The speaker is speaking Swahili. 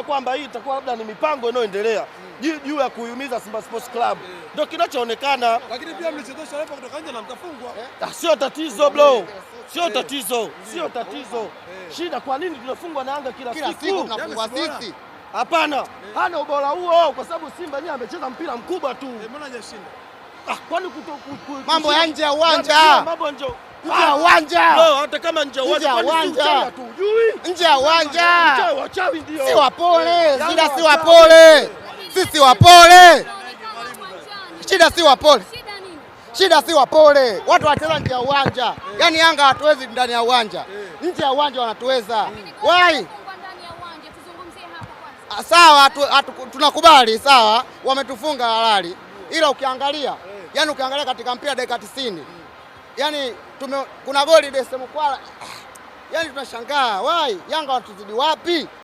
kwamba hii itakuwa labda ni mipango inayoendelea mm. juu ya kuiumiza Simba Sports Club ndio yeah. kinachoonekana, lakini pia mlichezesha hapo kutoka nje na mkafungwa eh, ah, Sio tatizo bro, sio tatizo, sio tatizo. Shida kwa nini tunafungwa na Yanga kila, siku? kila siku? tunafungwa yaani sisi. Hapana, hana ubora huo, kwa sababu Simba yeye amecheza mpira mkubwa tu. Eh, mbona hajashinda? Ah, kwani yaani, mambo ya nje ya uwanja, mambo nje nje ya uwanja. Hata kama nje ya uwanja, nje ya uwanja si wapole, shida si wapole, sisi wapole, shida si wapole, shida si wapole, watu wanacheza nje ya uwanja. Eh. Yaani Yanga hatuwezi ndani ya uwanja, eh. nje ya uwanja wanatuweza wai ah, Sawa, tunakubali sawa, wametufunga halali, ila ukiangalia, eh. yani ukiangalia katika mpira dakika 90 yani tume, kuna goli Desem Kwala, ah, yani tunashangaa wai Yanga watuzidi wapi?